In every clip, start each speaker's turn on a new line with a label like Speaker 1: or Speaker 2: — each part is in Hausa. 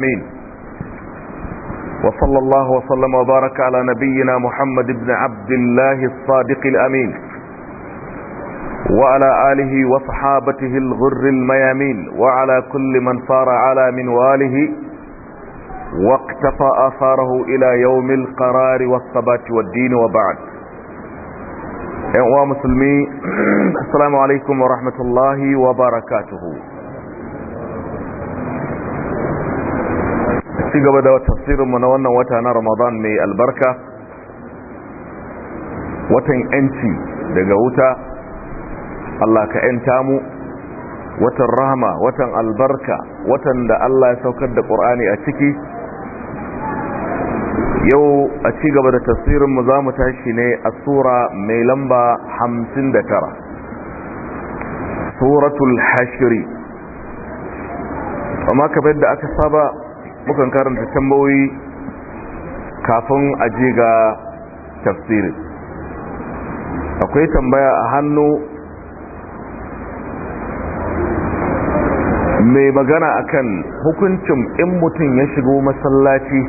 Speaker 1: مين وصلى الله وسلم وبارك على نبينا محمد بن عبد الله الصادق الأمين وعلى آله وصحابته الغر الميامين وعلى كل من صار على منواله واقتفى آثاره إلى يوم القرار والثبات والدين وبعد أعوام مسلمي السلام عليكم ورحمة الله وبركاته ci gaba da tafsirinmu na wannan wata na ramadan mai albarka watan yanci daga wuta allah ka yanta mu watan rahama watan albarka watan da allah ya saukar da ƙur'ani a ciki yau a ci gaba da tafsirinmu za mu tashi ne a sura mai lamba hamsin da tara suratul hashiri amma kamar da aka saba mukan karanta tambayoyi kafin a ga tafsirin akwai tambaya a hannu mai magana akan hukuncin in mutum ya shigo masallaci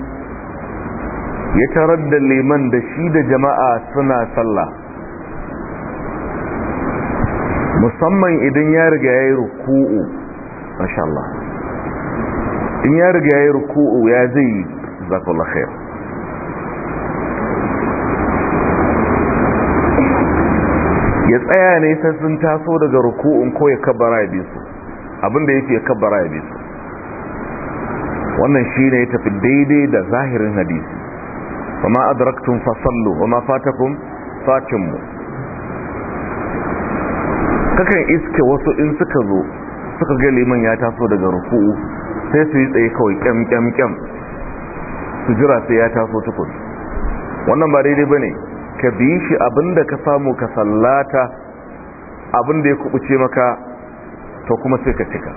Speaker 1: ya tarar da liman da shi da jama'a suna sallah musamman idan ya riga ya yi ruku'u mashallah in ya riga ya ruku'u ya zai yi zakullah khair ya tsaya ne sai sun taso daga ruku'un ko ya kabbara ya bisu abinda yake ya kabbara ya bisu wannan shi ne ya tafi daidai da zahirin hadisi ma adraktum fasallu wama fatakum fatinmu kakan iske wasu in suka zo suka ga liman ya taso daga ruku'u sai su yi tsaye kawai kyam su jira sai ya taso tukun wannan ba daidai ba ne ka biyi shi abinda ka samu ka sallata abinda ya kubuce maka to kuma sai ka cika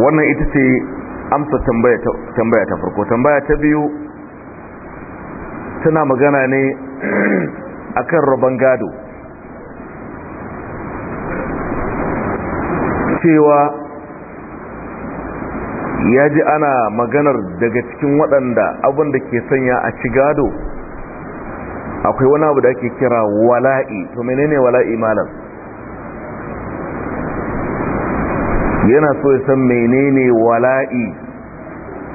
Speaker 1: wannan ita ce amsa tambaya ta farko tambaya ta biyu tana magana ne akan rabon gado cewa ya ji ana maganar daga cikin waɗanda abin ke sanya a ci gado akwai wani abu da ake kira wala'i to menene wala'i malam yana so ya san menene wala'i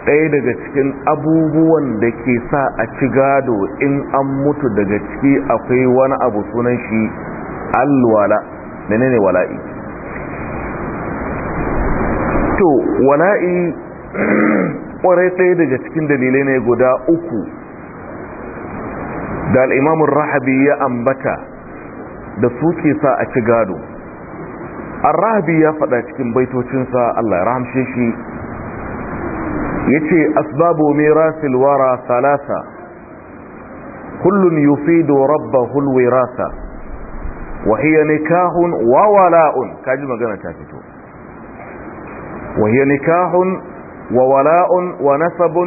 Speaker 1: ɗaya daga cikin abubuwan da ke sa a ci gado in an mutu daga ciki akwai wani abu sunan shi alwala menene wala'i to wala'i kwarai ɗaya daga cikin dalilai ne guda uku da al'imamun rahabi ya ambata da suke sa a ci gado rahabi ya faɗa cikin baitocinsa allah ya rahamshe shi ya ce asbabu mirasil wara salasa Yufi yufidu rabba wirasa wa hiya nikahun wawala'un, kaji magana ta fito وهي نكاح وولاء ونسب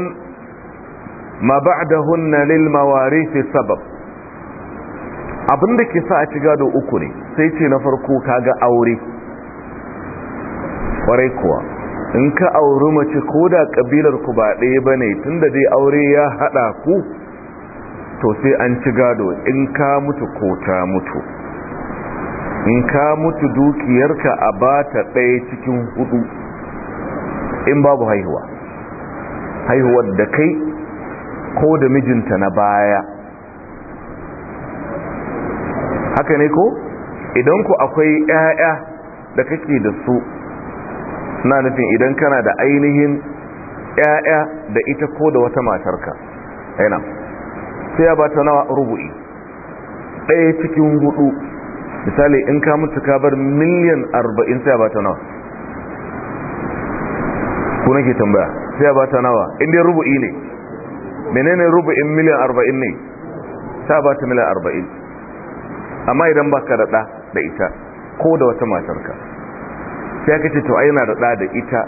Speaker 1: ما بعدهن للمواريث سبب abin ke sa a ci gado uku ne sai ce na farko kaga aure kwarai kuwa in ka auri mace ko da kabilar ku ba ɗaya ba ne tun da dai aure ya haɗa ku to sai an ci gado in ka mutu ko ta mutu in ka mutu dukiyarka a ba ta ɗaya cikin hudu in babu haihuwa haihuwar da kai ko da mijinta na baya haka ne ko idan ku akwai 'ya'ya da kake da su na nufin idan kana da ainihin 'ya'ya da ita ko da wata matarka aina sai ya bata nawa rubu'i ɗaya cikin hudu misali in ka mutu ka bar miliyan arba'in sai ya bata nawa ku nake tambaya sai ya bata nawa inda ya rubu'i ne menene rubu'in miliyan arba'in ne Sa bata miliyan arba'in amma idan baka da ɗa da ita ko da wata matarka sai ka ce to ai yana da ɗa da ita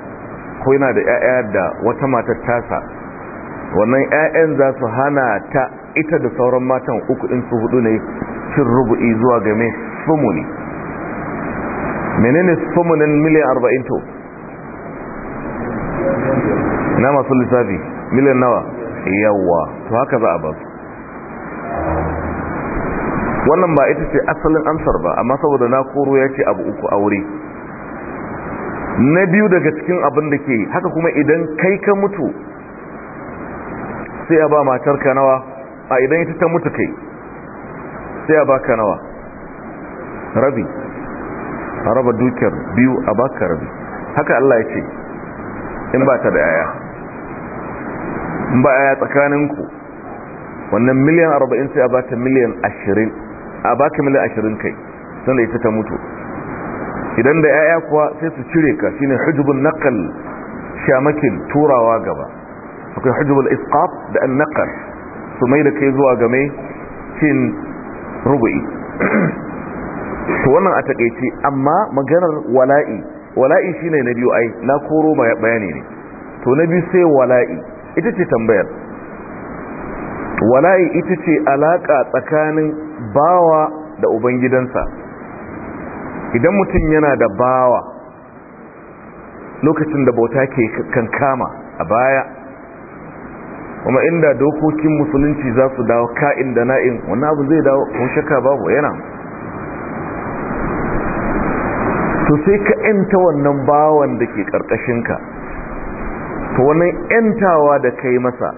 Speaker 1: ko yana da 'ya'ya da wata matar tasa wannan 'ya'yan za su hana ta ita da sauran matan uku in su hudu ne cin rubu'i zuwa game sumuni menene sumunin miliyan arba'in to na masu lissafi miliyan nawa yawa to haka za a ba su wannan ba ita ce asalin amsar ba amma saboda na koro ya ce abu uku a wuri. na biyu daga cikin abin da ke haka kuma idan kai ka mutu sai a ba matar ka nawa a idan ita ta mutu kai sai a ba ka nawa rabi a raba dukiyar biyu a ba rabi haka Allah ya ce in ba ta da yaya in ba yaya tsakaninku wannan miliyan 40 sai a ba ta miliyan 20 a ba ka miliyan 20 kai da ita ta mutu idan da yaya kuwa sai su cire ka shine hujubun naqal shamakin turawa gaba akwai hujubul isqaf da an naqal su mai da kai zuwa game cin rubu'i to wannan a takeice amma maganar wala'i wala'i shine na biyu ai na koro bayani ne to na biyu sai wala'i ita ce tambayar wala'i ita ce alaka tsakanin bawa da ubangidansa idan mutum yana da bawa lokacin da bauta ke kankama a baya kuma inda dokokin musulunci za su dawo ka'in da na'in wannan abu zai dawo kun shaka babu yana to sai ka yanta wannan bawan da ke ƙarƙashinka to wannan yantawa da kai masa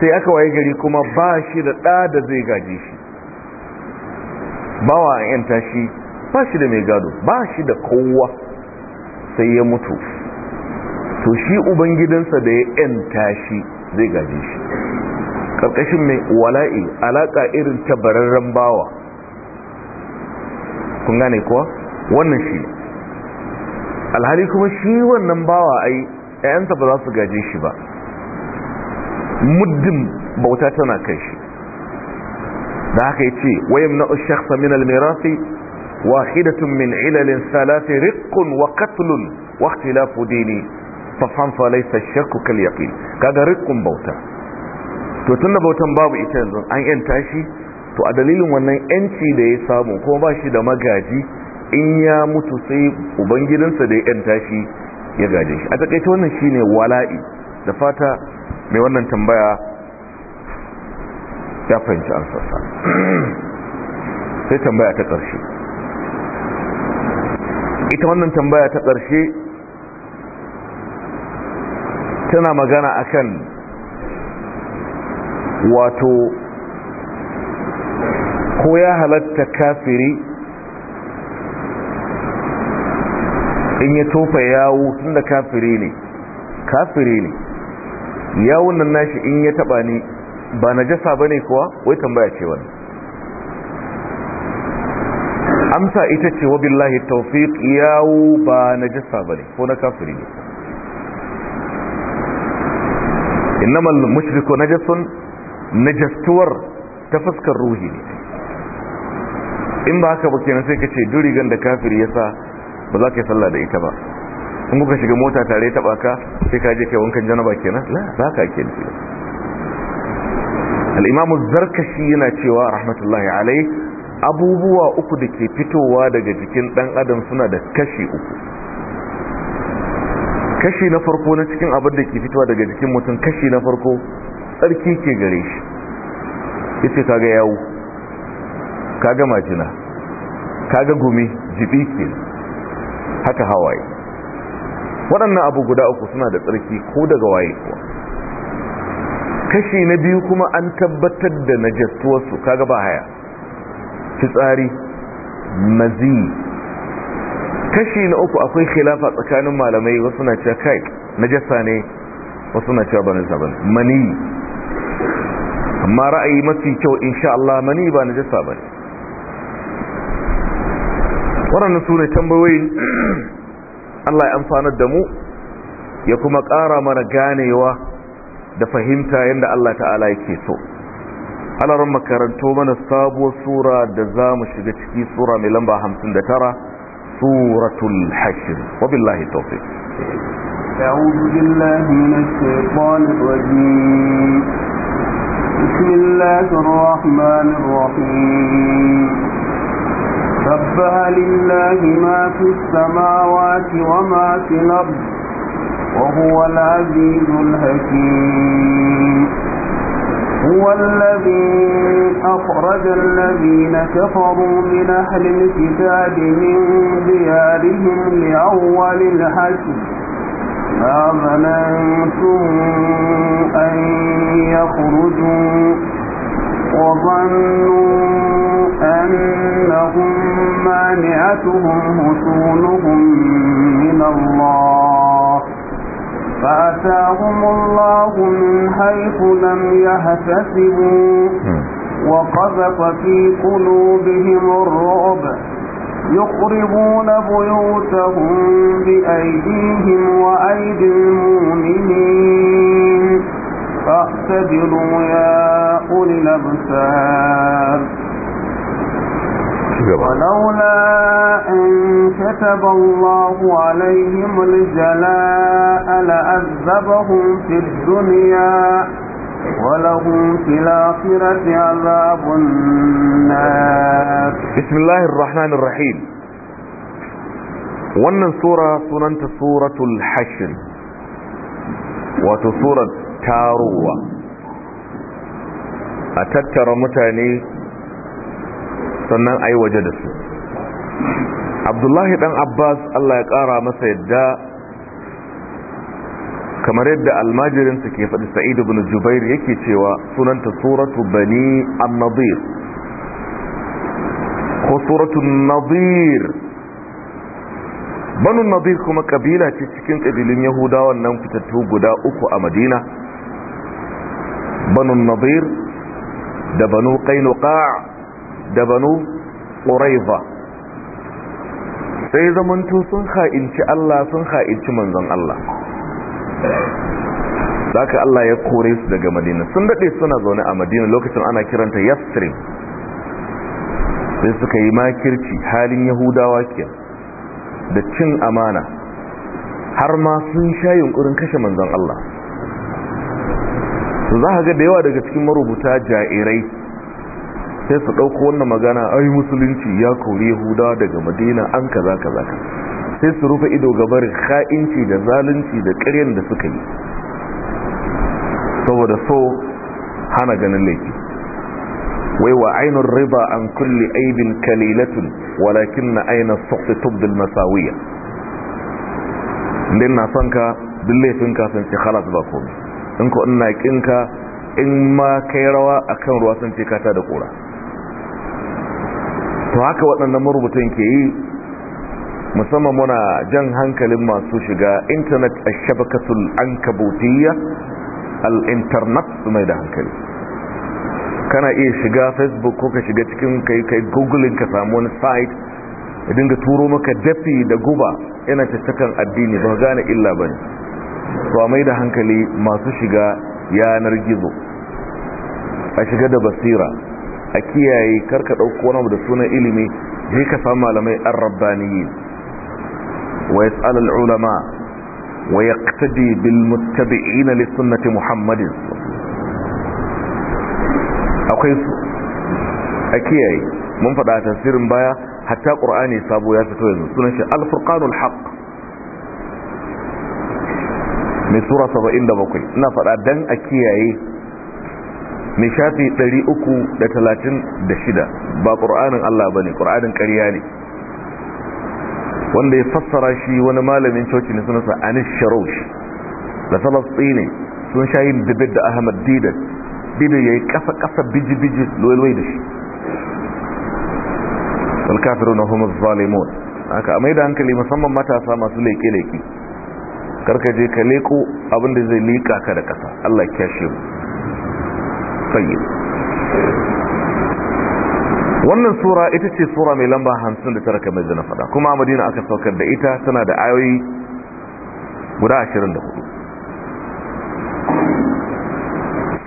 Speaker 1: sai aka waye gari kuma ba shi da ɗa da zai gaje shi bawa an yanta shi ba shi da mai gado ba shi da kowa sai ya mutu to shi ubangidansa da ya yanta shi zai gaje shi ƙarƙashin mai wala'i alaƙa irin tabararren bawa kun gane kuwa wannan shi alhali kuma shi wannan bawa ai ƴaƴansa ba za su gaje shi ba muddin bauta tana kai shi da haka yace ce wayan na shakhsa min almirasi wahidatun min ilalin salati riqqun wa qatlun wa ikhtilafu dini fa fan fa laysa shakku kal yaqin kaga riqqun bauta to tun da bautan babu ita yanzu an yanta shi to a dalilin wannan yanci da ya samu kuma ba shi da magaji in ya mutu sai ubangidansa da ya yanta shi ya gaje shi a takaice wannan shine wala'i da fata mai wannan tambaya ya fahimci ansarsa sai tambaya ta ƙarshe ita wannan tambaya ta ƙarshe tana magana akan wato ko ya halatta kafiri in ya tofa yawo tun da kafire ne kafire ne yawon nan nashi in ya taba ni ba na jasa ba ne kuwa wai tambaya ce wani amsa ita ce wa billahi taufiq yawo ba na jasa ba ne ko na kafiri ne innamal mushriku najasun najastuwar ta fuskar ruhi ne in ba haka ba kenan sai ka ce durigan da kafiri ya sa ba za ka yi sallah da ita ba in kuka shiga mota tare ta baka sai ka je kai wankan janaba kenan la ba ka ake nufi al-imamu zarkashi yana cewa rahmatullahi alai abubuwa uku da ke fitowa daga jikin dan adam suna da kashi uku kashi na farko na cikin abin da ke fitowa daga jikin mutum kashi na farko tsarki ke gare shi yace kaga yawo kaga majina kaga gumi jibi kenan haka hawaye waɗannan abu guda uku suna da tsarki ko daga waye kuwa kashi na biyu kuma an tabbatar da najastuwarsu kaga ba haya fitsari mazi kashi na uku akwai khilafa tsakanin malamai wasu na cewa kai najasa ne wasu na cewa bane saban mani amma ra'ayi mafi kyau insha Allah mani ba na najasa ne. waɗannan su ne tambayoyin Allah ya amfanar da mu ya kuma ƙara mana ganewa da fahimta yadda Allah ta'ala yake so alarar makaranto mana sabuwar sura da za mu shiga ciki sura mai lamba 59 suratul hashir wabillahi tawfiq
Speaker 2: أعوذ بالله من الشيطان الرجيم بسم الله الرحمن الرحيم سبح لله ما في السماوات وما في الأرض وهو العزيز الحكيم هو الذي أخرج الذين كفروا من أهل الكتاب من ديارهم لأول الحشر ما ظننتم أن يخرجوا وظنوا أنهم مانعتهم حصونهم من الله فأتاهم الله من حيث لم يحتسبوا وقذف في قلوبهم الرعب يقربون بيوتهم بأيديهم وأيدي المؤمنين فاعتبروا يا أولي الأبصار ولولا أن كتب الله عليهم الجلاء لأذبهم في الدنيا
Speaker 1: ولهم في الآخرة عذاب النار بسم الله الرحمن الرحيم wannan sura sunanta suratul hashin wato surat tarowa a tattara mutane sannan a yi waje da su abdullahi dan abbas allah ya ƙara masa yadda kamar yadda almajirinsa ke faɗi sa'id ibn jubair yake cewa sunanta suratu bani an ko suratu nadir banu nadir kuma kabila ce cikin ƙabilun yahudawan nan fitattu guda uku a madina banu nadir da banu qainuqa' da banu ƙuraiza sai zamantu sun ha'inci Allah sun ha'inci manzon Allah zaka Allah ya kore su daga madina sun daɗe suna zaune a madina lokacin ana kiranta yastrim sai suka yi makirci halin yahudawa ke da cin amana har ma sun sha yunkurin kashe manzon Allah za ga da yawa daga cikin marubuta jairai sai su ɗauko wannan magana ai musulunci ya kori huda daga madina an kaza kaza sai su rufe ido ga barin ka'inci da zalunci da ƙaryan da suka yi saboda so hana ganin laifi wai wa ainihin riba an kulle aibin kalilatun walakin na ainihin sofi tubdil masawiya din na son ka duk laifin ka san ce halas ba komi in ko ina kinka in ma kai rawa akan ruwa sun ce kata da kura to haka waɗannan marubutan ke yi musamman muna jan hankalin masu shiga intanet a shabakatul an kabotiyya al'intarnat su mai da hankali kana iya shiga facebook ko ka shiga cikin kai kai googling ka samu wani site ya dinga turo maka dafi da guba yana tattakan addini ba gane illa ba ne to a mai da hankali masu shiga yanar gizo a shiga da basira a kiyaye karka ɗauko wani da sunan ilimi je ka samu malamai an rabbaniyin wa yas'al al-ulama wa yaqtadi bil ina li sunnati muhammadin akwai su a kiyaye mun faɗa tasirin baya hatta qur'ani sabo ya fito yanzu sunan shi al-furqanul mai sura 77 ina faɗa dan a kiyaye mai shafi 336 ba ƙur'anin Allah ba ne ƙur'anin ƙarya ne wanda ya fassara shi wani malamin coci ne sunansa anis sharosh da falastini sun sha yin dibid da ahmad didan didan ya yi ƙasa-ƙasa biji-biji lulwai da shi alkafiru na homer zalimon aka amai da hankali musamman matasa masu leƙe-leƙe karkaje ka leƙo abinda zai liƙa ka da ƙasa allah kyashe mu qayyim wannan sura ita ce sura mai lamba 59 kamar da na fada kuma madina aka saukar da ita tana da ayoyi guda 24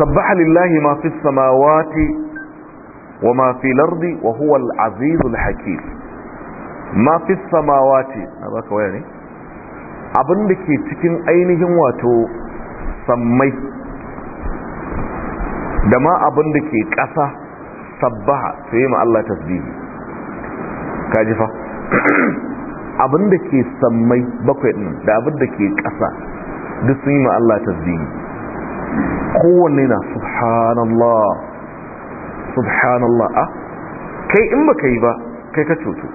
Speaker 1: sabbaha lillahi ma fi samawati wa ma fi lardi wa huwa al-azizul hakim ma fi samawati ba ka waya ne abinda ke cikin ainihin wato sammai da ma abin da ke ƙasa sabbaha su yi Allah tasbihi kaji fa abin da ke sammai bakwai ɗin da abin da ke ƙasa duk sun yi Allah tasbihi kowanne na subhanallah subhanallah a ah, kai in baka yi ba kai ka cutu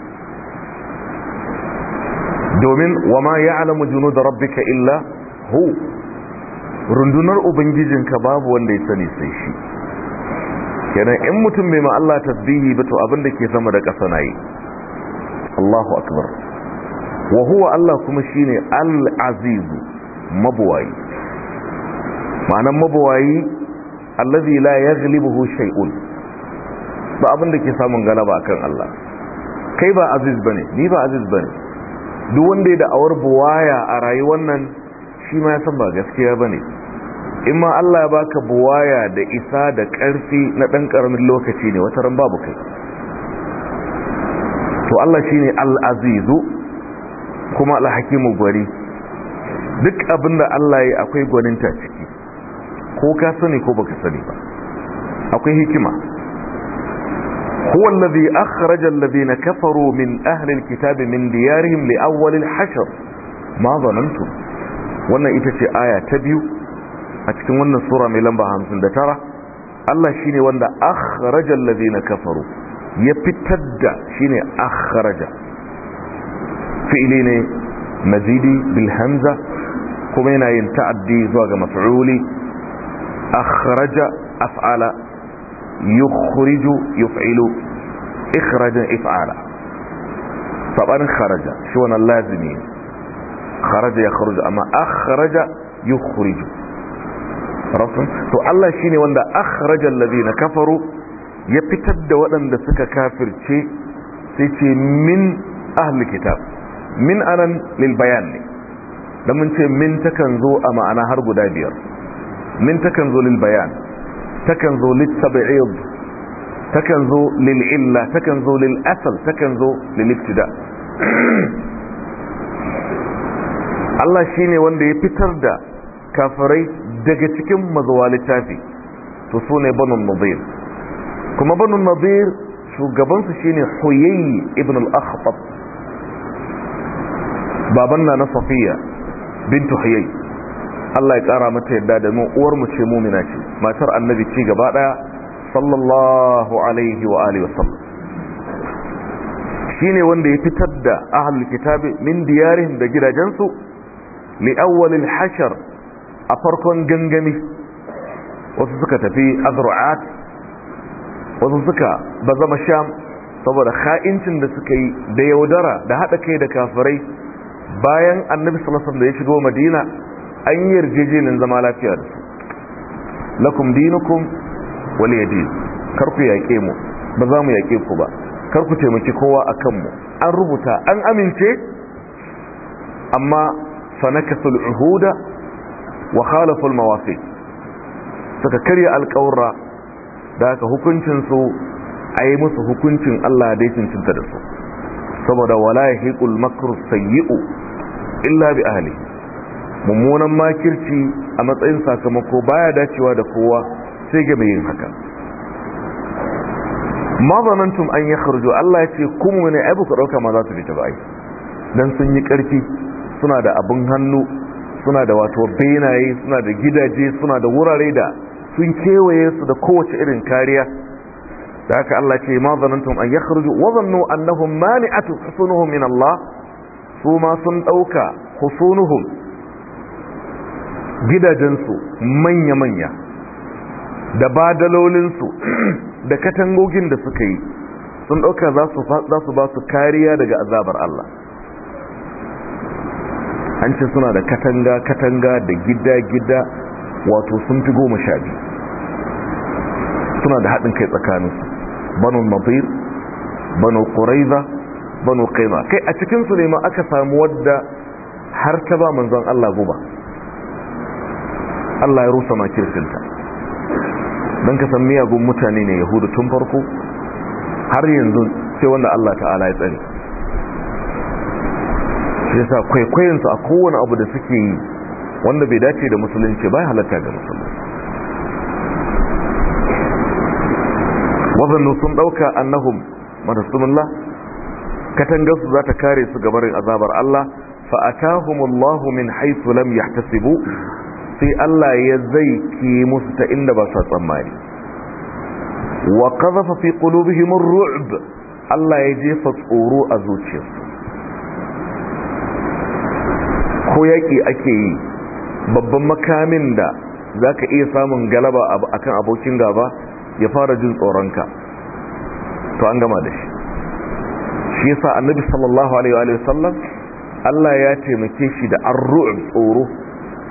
Speaker 1: domin wa ma ya alamu junu da ka illa hu rundunar ubangijinka babu wanda ya sani sai shi kenan in mutum mai ma Allah tasbihi ba abin da ke sama da ƙasa na yi Allahu akbar wa huwa Allah kuma shine al-aziz mabwayi ma'anan mabwayi allazi la yaghlibuhu shay'un ba abin da ke samun galaba kan Allah kai ba aziz bane ni ba aziz bane duk wanda ya da awar buwaya a rayuwar nan shi ma ya san ba gaskiya bane in ma Allah ya baka buwaya da isa da ƙarfi na ɗan ƙaramin lokaci ne wata ran babu kai to Allah shine al-azizu kuma al-hakimu gwari duk abinda Allah ya akwai gwaninta ciki ko ka sani ko baka sani ba akwai hikima huwa alladhi akhraja alladhina kafaru min ahli alkitabi min diyarihim li awwal alhashr ma zanantum wannan ita ce aya ta biyu a cikin wannan sura mai lamba 59 Allah shine wanda akhrajal ladina kafaru ya fitar da shine akhraja fi'li ne mazidi bil hamza kuma yana yin ta'addi zuwa ga maf'uli akhraja af'ala yukhriju yuf'ilu ikhraja if'ala saban kharaja shi wannan lazimi kharaja ya amma akhraja yukhriju rabbin to Allah shine wanda akhrajal ladina kafaru ya fitar da waɗanda suka kafirce sai ce min ahli kitab min anan lil bayan ne dan mun ce min takan zo a ma'ana har guda biyar min takan zo lil bayan takan zo lit tab'id takan zo lil illa takan zo lil asal takan zo lil ibtida Allah shine wanda ya fitar da kafirai daga cikin mazuwa littafi to su ne banun nazir kuma banun nazir shugabansu shine Huyayi ibn al-akhtab baban na Safiyya. safiya bintu Huyayi. Allah ya kara mata yadda da mu uwar mu ce mumina ce matar annabi ce gaba daya sallallahu alaihi wa alihi wasallam shine wanda ya fitar da ahlul kitabi min diyarihim da gidajensu li awwalil hashar a farkon gangami wasu suka tafi azru'at wasu suka bazama sham saboda ha'incin da suka yi da yaudara da haɗa kai da kafirai bayan annabi alaihi da ya shigo madina an yi yarjejenin zama lafiya da su lakum dinukum wal yadin kar ku yaƙe mu ba za mu yaƙe ku ba kar ku taimaki kowa a kanmu an rubuta an amince amma fa uhuda wa khalaful mawasi suka karya alƙawura da hukuncin hukuncinsu a yi musu hukuncin Allah da ya cincinta da su saboda wala ya hikul makar sayyi'u illa bi ahli mummunan makirci a matsayin sakamako baya dacewa da kowa sai ga mai yin haka ma zanantum an ya kharju Allah ya ce kuma wani ai ku dauka ma za su fita ba ai dan sun yi karfi suna da abin hannu suna da wato benaye suna da gidaje suna da wurare da sun kewaye su da kowace irin kariya da haka Allah ce ma zanantum an yakhruju wa zannu annahum mani'atu husunuhum min Allah su ma sun dauka husunuhum gidajensu manya manya da badalolinsu da katangogin da suka yi sun dauka za su ba su kariya daga azabar Allah an ce suna da katanga katanga da gida gida wato sun fi goma sha biyu suna da haɗin kai tsakaninsu banu mabir banu ƙuraiza banu ƙaima kai a cikinsu ne ma aka samu wadda har ta ba manzon allah guba allah ya rusa makircinta don ka san miyagun mutane ne yahudu tun farko har yanzu sai wanda allah ta'ala ya tsari shi kwaikwayon su a kowane abu da suke yi wanda bai dace da musulunci bai halatta ga musulunci wazannu sun dauka annahum manasumullah katangar su za ta kare su gabarin azabar Allah fa'atahumullahu min haythu lam yahtasibu sai Allah ya zai ke musu ta inda ba sa tsammani wa qadhafa fi qulubihim ar-ru'b Allah ya jefa tsoro a zuciyarsu ko yaƙi ake yi babban makamin da za ka iya samun galaba a kan abokin gaba ya fara jin tsoronka to an gama da shi shi yasa annabi sallallahu alaihi wa sallam Allah ya taimake shi da arru'ub tsoro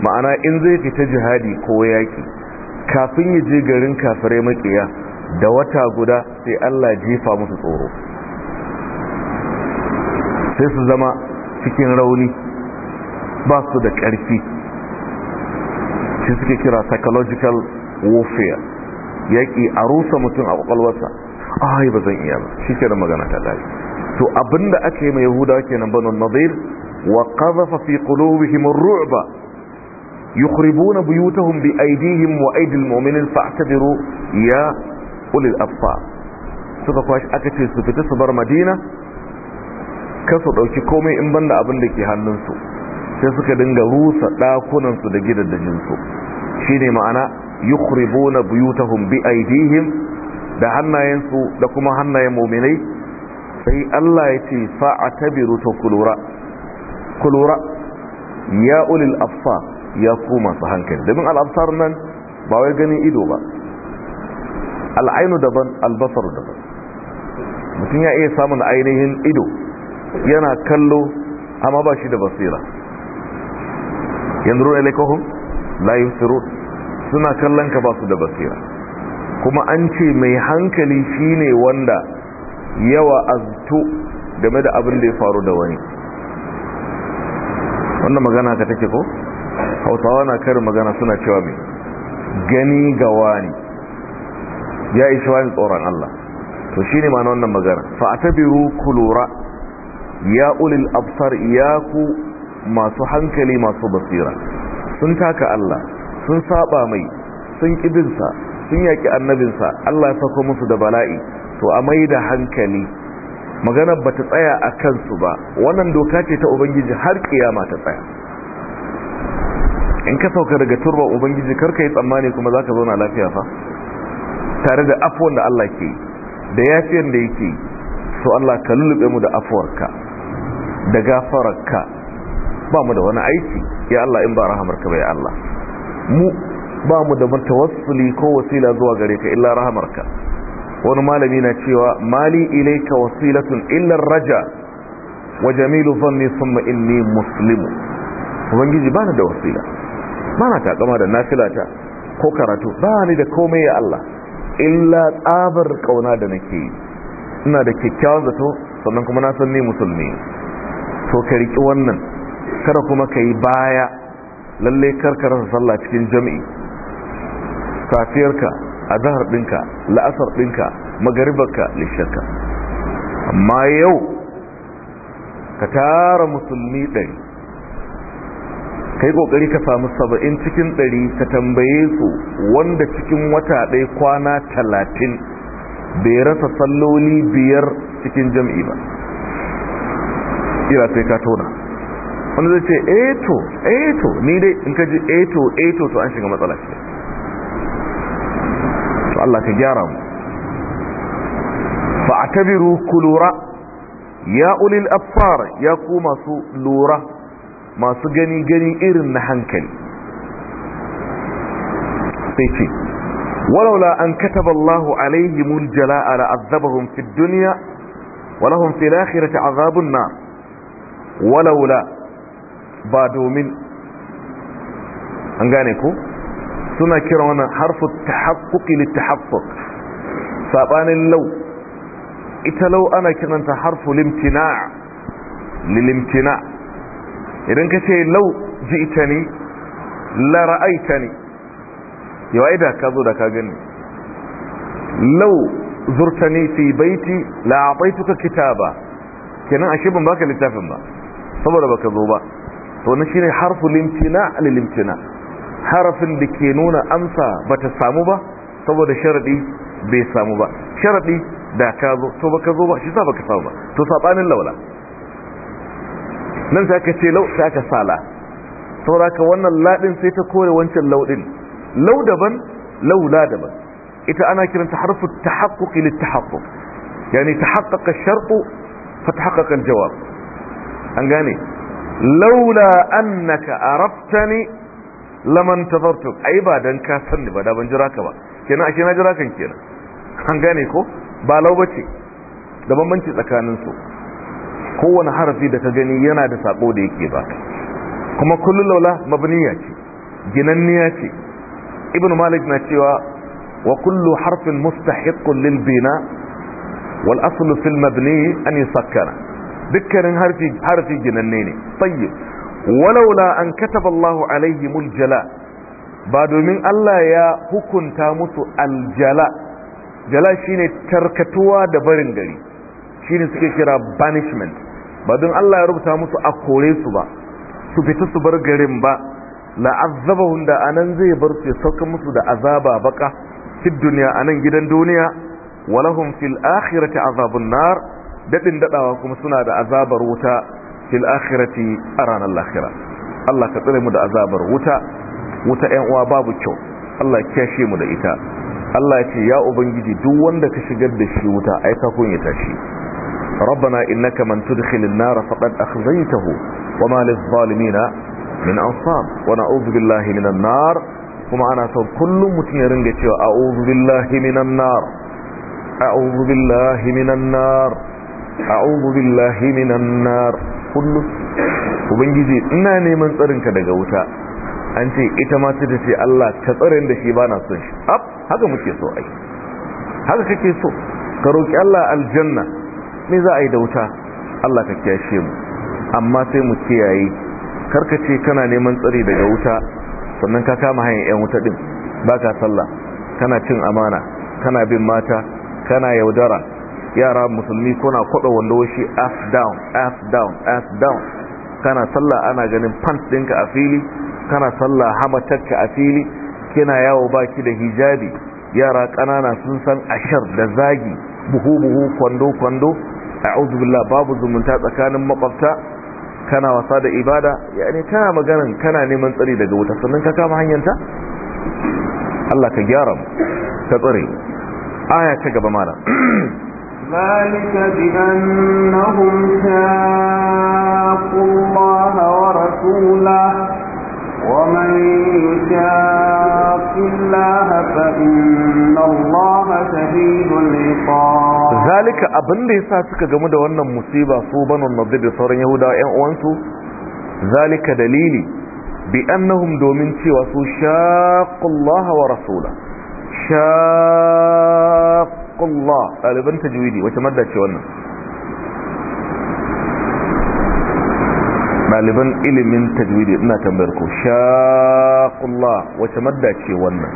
Speaker 1: ma'ana in zai fita jihadi ko yaƙi kafin ya je garin kafirai makiya da wata guda sai Allah jefa musu tsoro sai su zama cikin rauni ba su da ƙarfi shi suke kira psychological warfare yaƙi a rusa mutum a ƙwaƙwalwarsa ai ba zan iya ba shi ke magana ta dai to abinda aka yi mai yahuda nan banu nadir wa qadhafa fi qulubihim ar-ru'ba yukhribuna buyutahum bi aydihim wa aydi muminin fa'tabiru ya ulil absar suka kwashi aka ce su fita su bar madina kasu dauki komai in banda abin da ke su. sai suka dinga rusa ɗakunansu da gidajensu shi shine ma'ana yukhribuna buyutahum bi aidihim da hannayensu da kuma hannayen muminai sai Allah ya ce fa'atabiru ta kulura kulura ya ulil afsa ya kuma su hankali domin al'absar nan ba wai ganin ido ba al'ainu daban albasar daban mutum ya iya samun ainihin ido yana kallo amma ba shi da basira yanzu ilaikahum la yusirun suna kallon ka basu da basira kuma an ce mai hankali shine wanda yawa azto game da abin da ya faru da wani wannan magana ka take ko hausawa na karin magana suna cewa mai gani ga wani ya ishi wani tsoron Allah to shi ne mana wannan magana fa'atabiru kulura ya ulil absar ya ku masu hankali masu basira sun taka Allah sun saba mai sun kibinsa sun yaki annabinsa Allah ya sako musu da bala'i to a mai da hankali maganar ba ta tsaya a kansu ba wannan doka ce ta ubangiji har kiyama ta tsaya in ka sauka daga turba ubangiji kar ka yi tsammani kuma za ka zauna lafiya fa tare da afuwan da Allah ke da yafiyar da yake so Allah ka lulluɓe mu da afuwarka da gafararka ba mu da wani aiki ya Allah in ba rahamar ka, bai Allah mu ba mu da tawassuli ko wasila zuwa gare ka illa ka. wani malami na cewa mali ilaika wasilatun illa raja wa jamilu zanni summa inni muslimu ubangiji bani da wasila bana takama da nafilata ko karatu bani da komai ya Allah illa tsabar kauna da nake yi. ina da kyakkyawan zato sannan kuma na san ni musulmi to ka riki wannan kada kuma ka yi baya lalle rasa sallah cikin jami'i safiyarka a zahar ɗinka la'asar ɗinka magaribarka lishaka amma yau ka tara musulmi ɗari kai ƙoƙari ka samu saba'in cikin ɗari ka tambaye su wanda cikin wata ɗaya kwana talatin bai rasa salloli biyar cikin jam'i ba ira sai ka tona wanda zai ce eto eh eto eh ni dai in ka ji eto eh eto to an shiga matsala ce to Allah ka gyara mu fa atabiru kulura ya ulil absar ya ku masu lura masu gani gani irin na hankali sai ce walaula an kataba alaihi alaihimul jala'a la'azzabahum fid dunya ولهم في الآخرة عذاب النار ولولا ba domin an gane ko suna kira wannan harfin tahakkuki littahakkuk saɓanin lau ita lau ana kiranta harfu limtina lilimtina idan ka ce lau ji ita ne lara'aita ne yawa idan ka zo da ka gani lau zurta ne fi baiti la'aɓaituka kitaba kenan a shibin baka littafin ba saboda baka zo ba to na shine harfu limtina lilimtina harafin da ke nuna amsa bata samu ba saboda sharadi bai samu ba sharadi da ka zo to baka zo ba shi sa baka samu ba to sabanin laula nan sai ka ce lau sai ka sala saboda ka wannan ladin sai ta kore wancan laudin lau daban laula daban ita ana kiranta harfu tahaqquq lil tahaqquq yani tahaqqaqa ash-shart fa tahaqqaqa al-jawab an gane laula annaka araftani laman tafartuk ai ba dan ka sanni ba da ban jira ka ba kenan ake na jira kan kenan an gane ko ba lau bace da bambanci tsakanin su kowane harafi da ka gani yana da sako da yake ba kuma kullu laula mabniya ce ginanniya ce ibnu malik na cewa wa kullu harfin mustahiqqun lil bina wal aslu fil mabni an yusakkara dukkanin harfi harfi ginanne ne tayyib walaula an kataba Allahu alaihimul jala ba domin Allah ya hukunta musu aljala jala shine tarkatuwa da barin gari shine suke kira banishment ba don Allah ya rubuta musu a kore su ba su fita su bar garin ba la'azzabahum da anan zai bar su sauka musu da azaba baka Fid duniya anan gidan duniya lahum fil akhirati azabun nar daɗin daɗawa kuma suna da azabar wuta fil akhirati a ranar lahira Allah ka tsare mu da azabar wuta wuta ƴan uwa babu kyau Allah ya kyashe mu da ita Allah ya ce ya ubangiji duk wanda ka shigar da shi wuta ai ka kunyata shi ربنا إنك من تدخل النار فقد أخزيته وما للظالمين من أنصار ونعوذ بالله من nar, kuma ana son kullum mutum ya ringa cewa a'udhu billahi minan nar a'udhu billahi minan nar a'udhu billahi minan nar kullu ubangiji ina neman tsarinka daga wuta an ce ita ma ta ce Allah ka tsare da shi bana son shi ab haka muke so ai haka kake so ka roki Allah aljanna me za a yi da wuta Allah ka kiyashe mu amma sai mu kiyaye karka ce kana neman tsari daga wuta sannan ka kama hanyar yan wuta din baka sallah kana cin amana kana bin mata kana yaudara yara musulmi kuna kwada wando washi half down half down half down kana sallah ana ganin pants ɗinka a fili kana sallah hamatarka a fili kina yawo baki da hijabi yara ƙanana sun san ashar da zagi buhu buhu kwando kwando a'udhu billah babu zumunta tsakanin makwabta kana wasa da ibada yani kana maganan kana neman tsari daga wuta sannan ka kama hanyarta Allah ka gyara mu ka tsare aya ta gaba mana
Speaker 2: ذلك بأنهم شاقوا الله ورسوله ومن يشاق الله فإن الله شديد العقاب
Speaker 1: ذلك abin da yasa suka gamu da wannan musiba su banon nadir da sauran yahudawa ƴan uwansu zalika dalili bi annahum domin cewa su shaqullaha wa rasula shaqullah ɗaliban tajwidi wace madda ce wannan ɗaliban ilimin tajwidi ina tambayar ku shaqullah wace madda ce wannan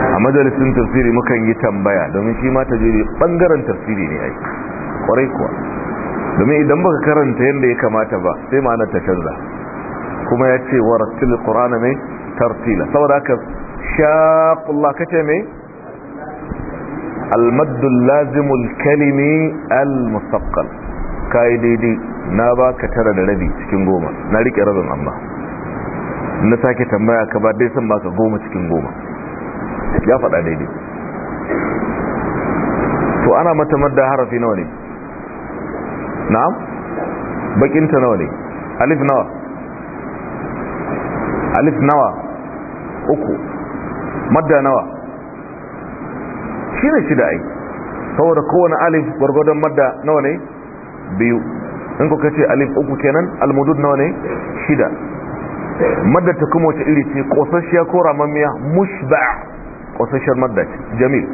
Speaker 1: a majalisin tafsiri mukan yi tambaya domin shi ma tajwidi bangaren tafsiri ne ai kwarai kuwa domin idan baka karanta yadda ya kamata ba sai ma'anar ta canza kuma ya ce wa rattil qur'ana mai tartila saboda haka shaƙullah kace mai almaddul lazimul kalimi al-mustaqal kai daidai na ba ka tara da rabi cikin goma na riƙe rabin amma na sake tambaya ka ba dai san ba ka goma cikin goma ya faɗa daidai to ana mata madda harafi nawa ne na'am bakinta nawa ne alif nawa alif nawa uku madda nawa shi ne shida ai saboda kowane alif gwargwadon madda nawa ne biyu in kuka kace alif uku kenan almudud nawa ne shida madda ta kuma wace iri ce kosasshiya ko ramammiya mushba kosasshiyar madda ce jamil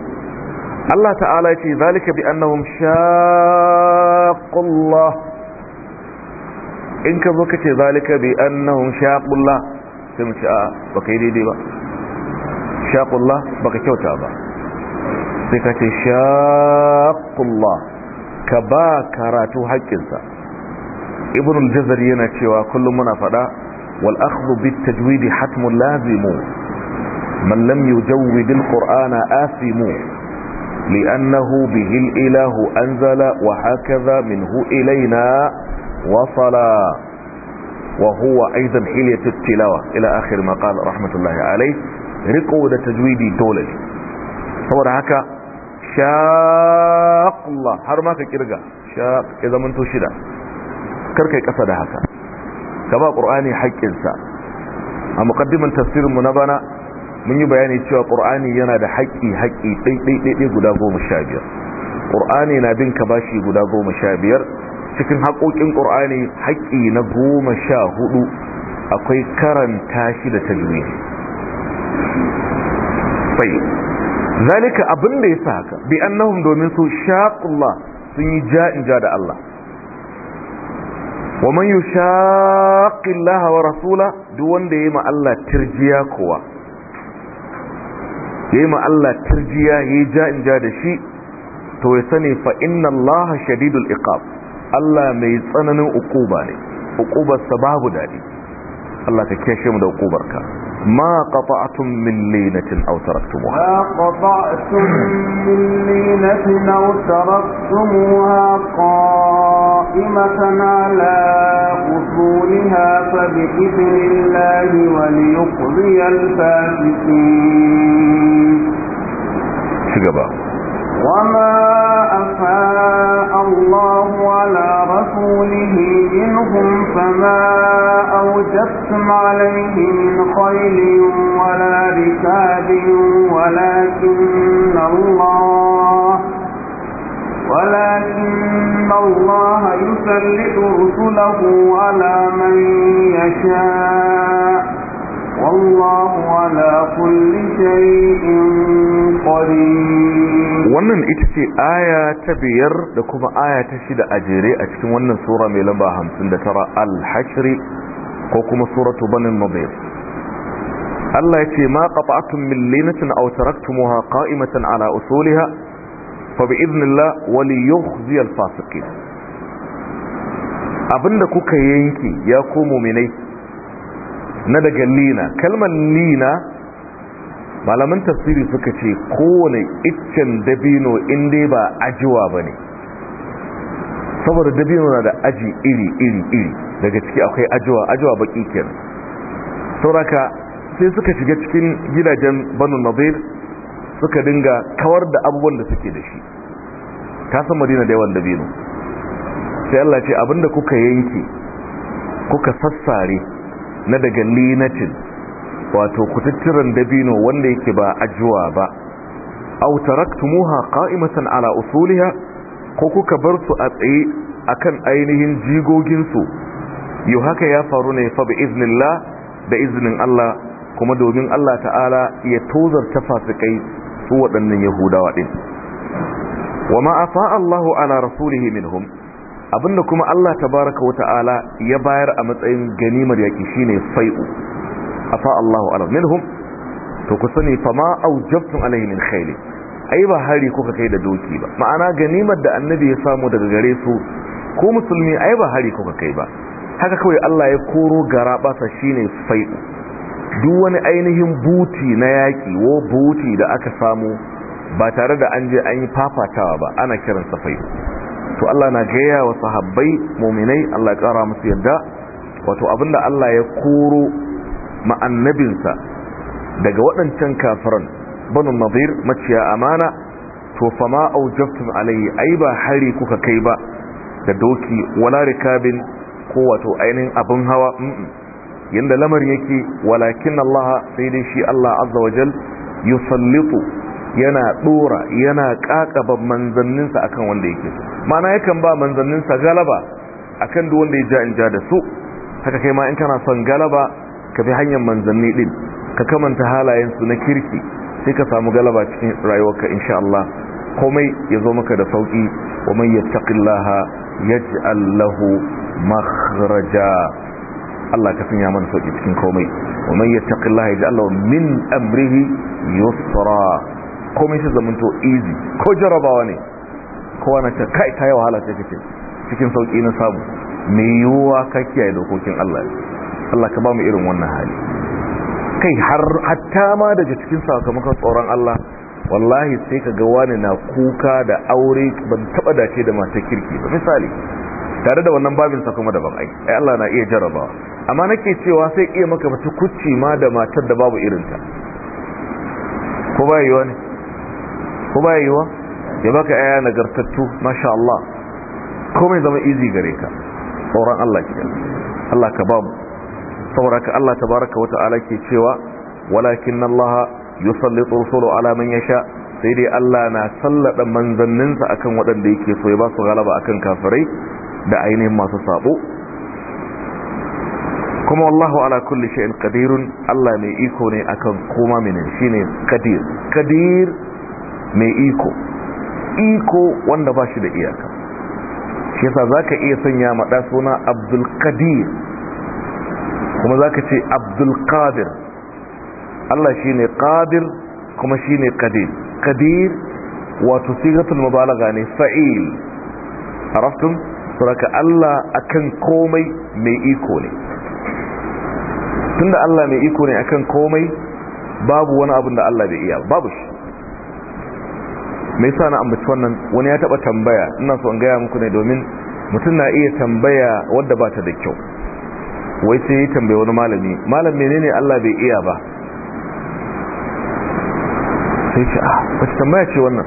Speaker 1: Allah ta'ala ya ce zalika bi annahum shaqullah in ka zo kace ce zalika bi annahum shaqullah sai mu ce a baka yi daidai ba شاق الله بقي كوتا با سيكتي شاق الله كبا كراتو حق ابن الجزر ينكي وكل من فدا والاخذ بالتجويد حتم لازم من لم يجود القرآن آثم لأنه به الإله أنزل وهكذا منه إلينا وصل وهو أيضا حلية التلاوة إلى آخر ما قال رحمة الله عليه riko da tajwidi dole ne saboda haka shaqullah har ma ka kirga shaq ya zamanto shida karkai kasa da haka ka ba qur'ani haƙƙinsa a muqaddimin tafsirin mu na bana mun yi bayani cewa qur'ani yana da haƙƙi haƙƙi dai guda goma sha biyar qur'ani na bin ka bashi guda goma sha biyar cikin haƙoƙin qur'ani haƙƙi na goma sha hudu akwai karanta shi da tajwidi tsaye zalika abin da ya sa haka bi annahum domin su shaqullah sun yi ja'in ja da Allah wa man yushaqillah wa rasula duk wanda yayi ma Allah tirjiya kuwa yayi ma Allah tirjiya yayi ja'in ja da shi to ya sani fa inna Allah shadidul iqab Allah mai tsananin ukuba ne ukubar sa babu dadi Allah ka kashe mu da ka. ما قطعتم من لينة او تركتموها ما
Speaker 2: قطعتم من لينة او تركتموها قائمة على اصولها فبإذن الله وليقضي الفاسقين
Speaker 1: شكرا وما أفاء الله
Speaker 2: على رسوله منهم فما أوجبتم عليه من خيل ولا ركاب ولكن الله ولكن الله يسلط رسله على من يشاء والله على كل شيء wannan
Speaker 1: ita ce aya ta biyar da kuma aya ta shida a jere a cikin wannan sura mai lamba 59 al-hashr ko kuma suratu banin nadir Allah ya ce ma qata'tum min linatin aw taraktumuha qa'imatan ala usuliha fa bi idnillah wa li yukhzi abinda kuka yanki ya komo mu'minai na daga lina kalmar lina malaman tafsiri suka ce kowane iccen dabino in dai ba ajiwa ba ne saboda dabino na da aji iri iri iri daga ciki akwai ajiwa ajiwa baki kenan sauraka sai suka shiga cikin gidajen banu nadir suka dinga kawar da abubuwan da suke da shi ta san madina da yawan dabino sai Allah ce abinda kuka yanke kuka sassare na daga linatin wato kututturan dabino wanda yake ba ajuwa ba aw taraktumuha qa'imatan ala usuliha ko kuka bar su a tsaye akan ainihin jigogin su yau haka ya faru ne fa bi iznillah da iznin Allah kuma domin Allah ta'ala ya tozarta fasikai su waɗannan yahudawa din wa afa Allahu ala rasulihi minhum abinda kuma Allah tabaaraka wa ta'ala ya bayar a matsayin ganimar yaki shine fai'u afa Allahu alam minhum to ku sani fa ma aujabtum alayhi min khayl ai ba hari kuka kai da doki ba ma'ana ganimar da annabi ya samu daga gare su ko musulmi ai ba hari kuka kai ba haka kawai Allah ya koro gara shine fai duk wani ainihin buti na yaki wo buti da aka samu ba tare da an je an yi fafatawa ba ana kiransa fai to Allah na gaya wa sahabbai muminai Allah ya kara musu yadda wato abinda Allah ya koro ma'annabinsa daga waɗancan kafiran banu nadir maciya amana to fama aujabtum alayhi ai ba hari kuka kai ba da doki wala rikabin ko wato ainihin abin hawa yanda lamar yake walakin Allah sai dai shi Allah azza wajal yusallitu yana dora yana kakaba manzanninsa akan wanda yake mana yakan ba manzanninsa galaba akan duk wanda ya ja in ja da su haka kai ma in kana son galaba ka fi hanyar manzanni din ka kamanta halayen su na kirki sai ka samu galaba cikin rayuwarka insha Allah komai ya zo maka da sauki wa man yattaqillaha yaj'al lahu makhraja Allah ka sanya mana sauki cikin komai wa man yattaqillaha yaj'al lahu min amrihi yusra komai sai to easy ko jarabawa ne ko wani ta kai ta yi wahala sai cikin sauki na samu me yiwuwa ka kiyaye dokokin Allah Allah ka ba mu irin wannan hali kai har hatta ma daga cikin sakamakon tsoron Allah wallahi sai ka ga wani na kuka da aure ban taba dace da matar kirki ba misali tare da wannan babin sa kuma daban ai ai Allah na iya jarabawa amma nake cewa sai iya maka mata kucci ma da matar da babu irin ta ko ba yiwa ne ko ba yiwa ya baka aya nagartattu masha Allah komai zama easy gare ka tsoron Allah ke Allah ka ba mu. saboda ka Allah tabaraka wa ta'ala ke cewa walakin Allah yusallitu rusulu ala man yasha sai dai Allah na sallada manzanninsa akan waɗanda yake so ya ba su galaba akan kafirai da ainihin masu sabo kuma wallahu ala kulli shay'in qadirun Allah mai iko ne akan koma mene shine qadir qadir mai iko iko wanda ba shi da iyaka shi yasa zaka iya sanya ma suna Abdul Qadir kuma za ka ce abdulkadir Allah shi ne kadir kuma shi ne kadir kadir wato sigatul mubalaga ne fa'il araftum suraka Allah akan komai mai iko ne tunda Allah mai iko ne akan komai babu wani abin da Allah bai iya babu shi mai sa na ambaci wannan wani ya taba tambaya ina so in gaya muku ne domin mutum na iya tambaya wadda ba ta da kyau wai sai ya tambaye wani malami malam menene Allah bai iya ba sai ce ah wace tambaya ce wannan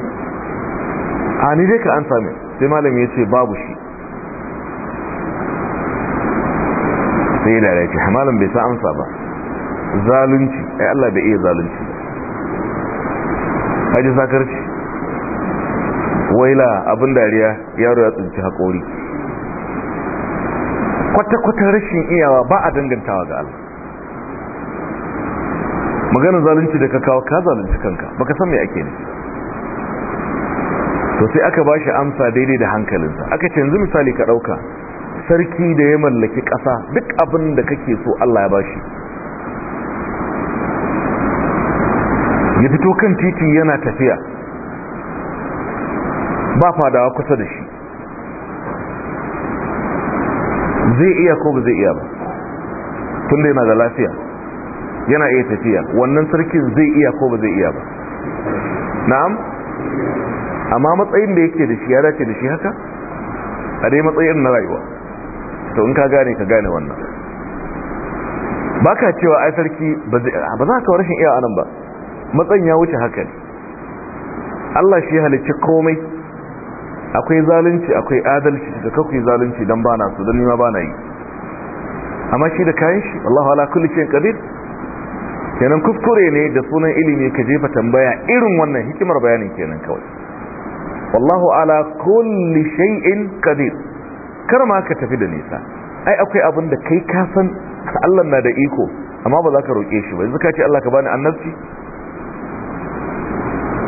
Speaker 1: a ni dai ka an sami sai malami ya ce babu shi sai ya lalace malam bai sa amsa ba zalunci ai Allah bai iya zalunci ba haji sakarci waila abin dariya yaro ya tsinci haƙori kwata-kwata rashin iyawa ba a dangantawa ga Allah maganar zalunci da ka kawo ka zalunci kanka baka san me ake nufi to sai aka ba shi amsa daidai da hankalinsa aka ce misali ka ɗauka sarki da ya mallaki ƙasa duk abin da kake so Allah ya ba shi ya fito kan titi yana tafiya ba fadawa kusa da shi zai iya ko ba zai iya ba tun da yana da lafiya yana iya tafiya wannan sarkin zai iya ko ba zai iya ba na'am amma matsayin da yake da shi ya dace da shi haka a dai matsayin na rayuwa to in ka gane ka gane wannan baka cewa ai sarki ba za ka rashin iya anan ba matsayin ya wuce haka ne Allah shi halicci komai akwai zalunci akwai adalci da kakwai zalunci don bana su don nima bana yi amma shi da kayan shi Allah ala kulli shayin qadir kenan kuskure ne da sunan ilimi ka jefa tambaya irin wannan hikimar bayanin kenan kawai wallahu ala kulli shay'in qadir kar ma ka tafi da nisa ai akwai abin da kai ka san Allah na da iko amma ba za ka roƙe shi ba yanzu ka ce Allah ka bani annabci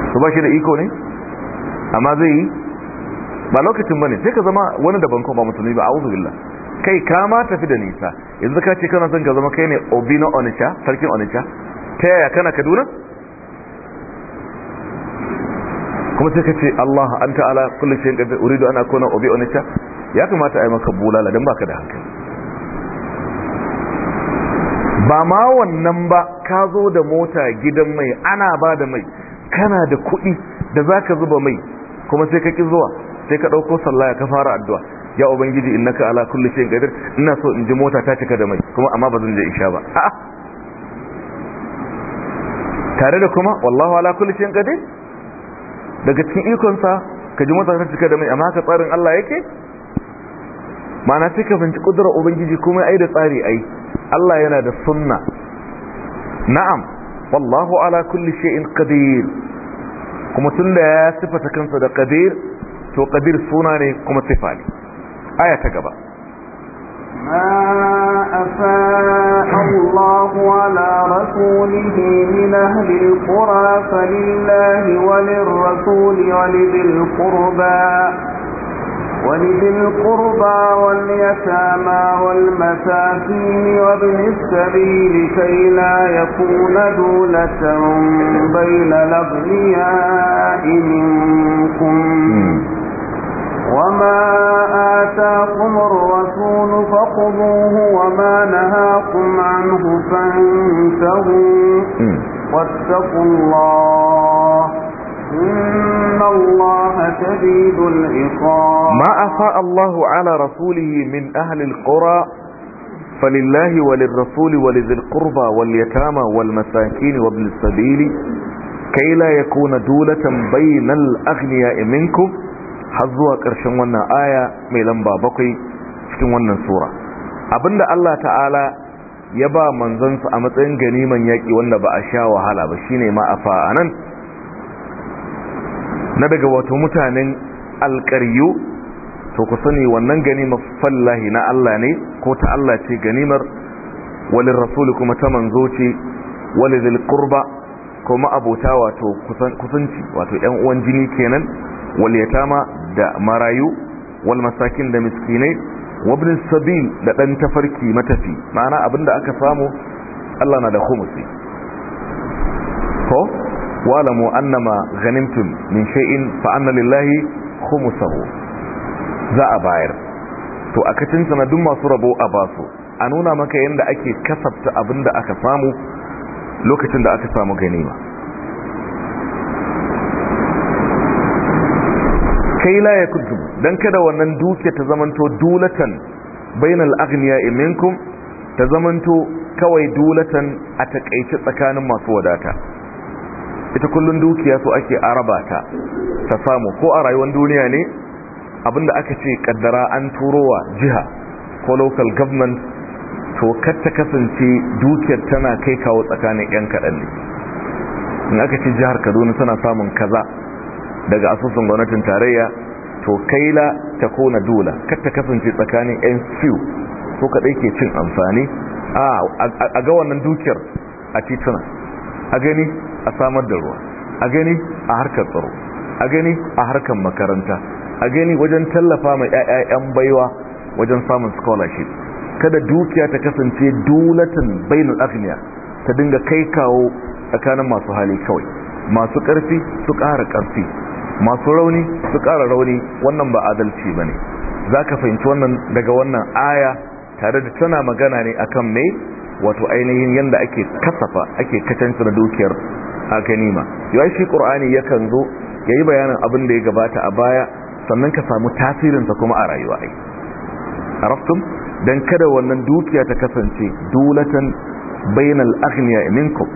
Speaker 1: to ba shi da iko ne amma zai yi ba lokacin bane sai ka zama wani daban ko ba musulmi ba a'udhu billah kai ka ma tafi da nisa yanzu ka ce kana son ka zama kai ne obino onisha sarkin onisha ta yaya kana kaduna kuma sai ka ce Allah an ta'ala kullu shay'in qadir uridu ana kona obi onisha ya kamata a yi maka bulala dan baka da hankali ba ma wannan ba ka zo da mota gidan mai ana ba da mai kana da kuɗi da zaka zuba mai kuma sai ka ki zuwa sai ka ɗauko sallaya ka fara addu'a ya ubangiji innaka ala kulli shay'in qadir ina so in ji mota ta cika da mai kuma amma ba zan je isha ba tare da kuma wallahu ala kulli shay'in qadir daga cikin ikon sa ka ji mota ta cika da mai amma haka tsarin Allah yake ma'ana sai ka binci kudurar ubangiji kuma ai da tsari ai Allah yana da sunna na'am wallahu ala kulli shay'in qadir kuma tunda ya sifata kansa da qadir to qadir suna ne kuma sifa ne aya ta gaba ما أفاء الله
Speaker 2: على رسوله من أهل القرى فلله وللرسول ولذي القربى ولذي القربى واليتامى والمساكين وابن السبيل كي لا يكون دولة بين الأغنياء منكم وما آتاكم الرسول فخذوه وما نهاكم عنه فانتهوا واتقوا الله
Speaker 1: إن الله شديد العقاب ما أفاء الله على رسوله من أهل القرى فلله وللرسول ولذي القربى واليتامى والمساكين وابن السبيل كي لا يكون دولة بين الأغنياء منكم har zuwa ƙarshen wannan aya mai lamba bakwai cikin wannan sura abinda Allah ta'ala ya ba manzonsa a matsayin ganiman yaƙi wanda ba a sha wahala ba shine ma a nan? na daga wato mutanen alƙaryu to ku sani wannan ganimar fallahi na Allah ne ko ta Allah ce ganimar walin rasuli kuma ta manzo ce walin qurba kuma abota wato kusanci wato ‘yan uwan jini kenan ma. da marayu wal masakin da miskinai wabin sabin da ɗan tafarki matafi ma'ana abinda aka samu Allah na da khumusi ko wa'lamu annama ghanimtum min shay'in fa anna lillahi khumusahu za a bayar to aka na duk masu rabo a basu a nuna maka yanda ake kasafta abinda aka samu lokacin da aka samu ganima kai la ya kudu don kada wannan dukiya ta zamanto dulatan bainal agniya iminkum ta zamanto kawai dulatan a takaice tsakanin masu wadata ita kullum dukiya so ake raba ta ta samu ko a rayuwar duniya ne abinda aka ce kaddara an turowa jiha ko local government to ta kasance dukiyar tana kai kawo tsakanin yan kaɗan ne in aka ce jihar kaduna tana samun kaza daga asusun gwamnatin tarayya to kaila ta kona dola ta kasance tsakanin yan fiw ko kadai ke cin amfani a ga wannan dukiyar a tituna a gani a samar da ruwa a gani a harkar tsaro a gani a harkar makaranta a gani wajen tallafa mai yayan baiwa wajen samun scholarship kada dukiya ta kasance dolatin bainul afniya ta dinga kai kawo tsakanin masu hali kawai masu ƙarfi su ƙara ƙarfi masu rauni su ƙara rauni wannan ba adalci ba ne za ka fahimci wannan daga wannan aya tare da tana magana ne akan mai wato ainihin yadda ake kasafa ake kacanci na dukiyar a ganima yawai shi ƙur'ani yakan zo ya yi bayanin abin da ya gabata a baya sannan ka samu tasirinsa kuma a rayuwa ai a don kada wannan dukiya ta kasance dulatan bainal aghniya minkum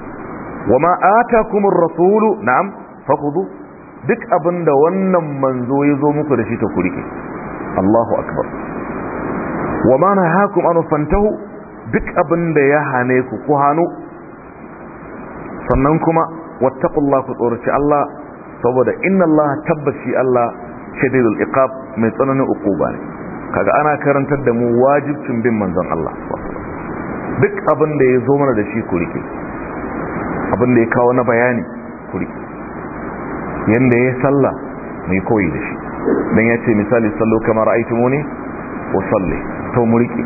Speaker 1: wa ma atakumur rasulu na'am fakhudhu duk abin da wannan manzo ya zo muku da shi ta kurike Allahu akbar wa ma nahakum an fantahu duk abin da ya hane ku ku hanu sannan kuma wattaqullahu ku tsoraci Allah saboda inna Allah tabbashi Allah shadidul iqab mai tsananin uquba ne kaga ana karantar da mu wajibcin bin manzon Allah duk abin da ya zo mana da shi ku abin da ya kawo na bayani ku yanda ya salla mai koyi da shi don ya ce misali sallo kamar aikimu ne ko salli to muriki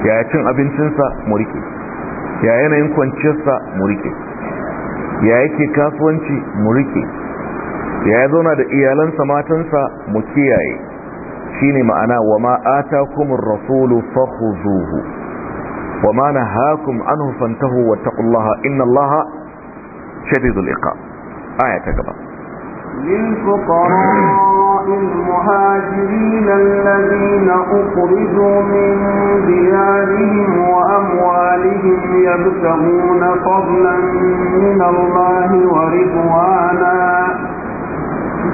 Speaker 1: Yaya cin abincinsa muriki ya yanayin kwanciyarsa muriki ya yake kasuwanci muriki ya zauna da iyalansa matansa mu kiyaye shine ma'ana wa ma atakumur rasulu fakhuzuhu wa ma nahakum wa taƙullaha? Inna innallaha shadidul iqab aya ta gaba
Speaker 2: للفقراء المهاجرين الذين أخرجوا من ديارهم وأموالهم يبتغون فضلا من الله ورضوانا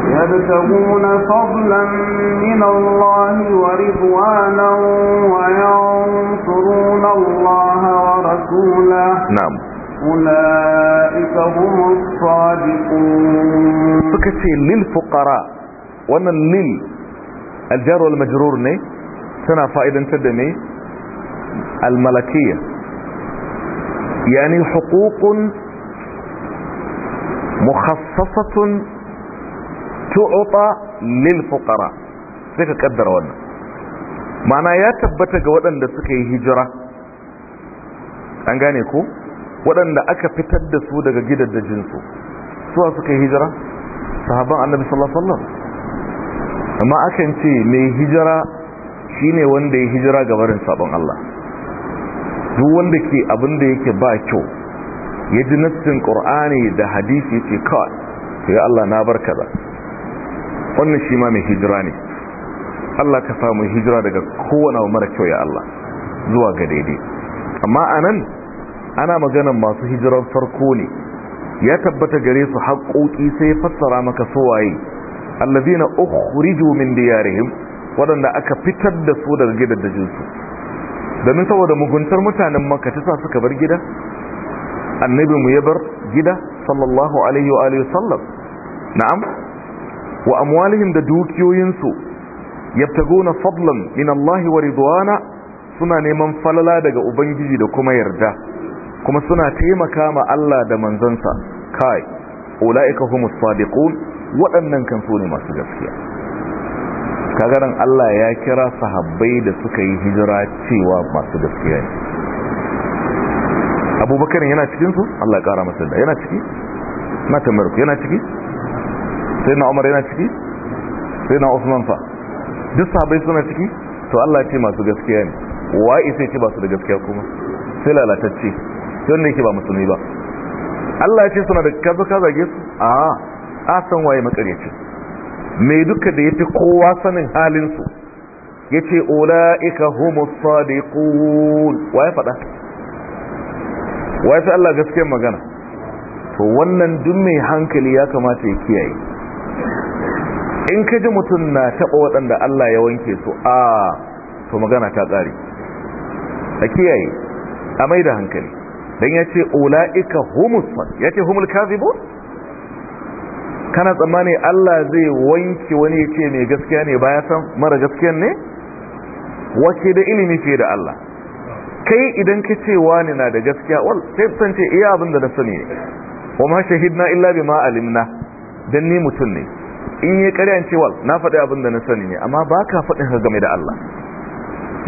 Speaker 2: يبتغون فضلا من الله ورضوانا وينصرون الله ورسوله نعم أولئك هم الصادقون
Speaker 1: فكتي للفقراء ومن لل الجار والمجرور ني سنة فائدة تدني الملكية يعني حقوق مخصصة تعطى للفقراء sai ka وانا wannan يا تبتك وانا لسكي هجرة suka waɗanda aka fitar da su daga su a suka yi hijira sahaban annabi sallallahu alaihi wasallam amma akan ce mai hijira shine wanda ya hijira ga barin sabon Allah duk wanda ke abin da yake ba kyau ya ji nassin qur'ani da hadisi yace kawai to ya Allah na bar kaza wannan shi ma mai hijira ne Allah ka samu hijira daga kowane mara kyau ya Allah zuwa ga daidai amma anan ana maganan masu hijirar farko ne ya tabbata gare su haƙoƙi sai fassara maka suwaye allazina ukhriju min diyarihim waɗanda aka fitar da su daga gidajen su domin saboda muguntar mutanen makka ta sa suka bar gida annabi mu ya bar gida sallallahu alaihi wa alihi sallam na'am wa amwalihim da dukiyoyinsu yabtaguna fadlan min Allah wa ridwana suna neman falala daga ubangiji da kuma yarda kuma suna taimaka ma Allah da manzansa kai ulaika humus sadiqun waɗannan kan su ne masu gaskiya kaga dan Allah ya kira sahabbai da suka yi hijira cewa masu gaskiya ne Abubakar yana cikin su Allah ya kara masa da yana ciki na tambayar yana ciki sai na Umar yana ciki sai na Usman fa duk sahabbai suna ciki to Allah ya ce masu gaskiya ne wa'i sai ce ba su da gaskiya kuma sai lalatacce don ne ke ba musulmi ba Allah ya ce suna da kazo ka zage su a a san waye makaryaci mai duka da yafi kowa sanin halin su yace ulaika humus sadiqun waye fada waye Allah gaskiyar magana to wannan duk mai hankali ya kamata ya kiyaye in ka ji mutum na taɓa waɗanda Allah ya wanke su a to magana ta tsari a kiyaye a mai da hankali dan yace ulaika humus yace humul kazibun kana tsammani Allah zai wanke wani yace mai gaskiya ne baya san mara gaskiya ne wace da ilimi fiye da Allah kai idan ka ce wani na da gaskiya wal sai san ce iya abin da na sani ne wa ma shahidna illa bima alimna dan ni mutun ne in yi ƙarya ce wal na faɗi abin da na sani ne amma ba ka faɗin ka game da Allah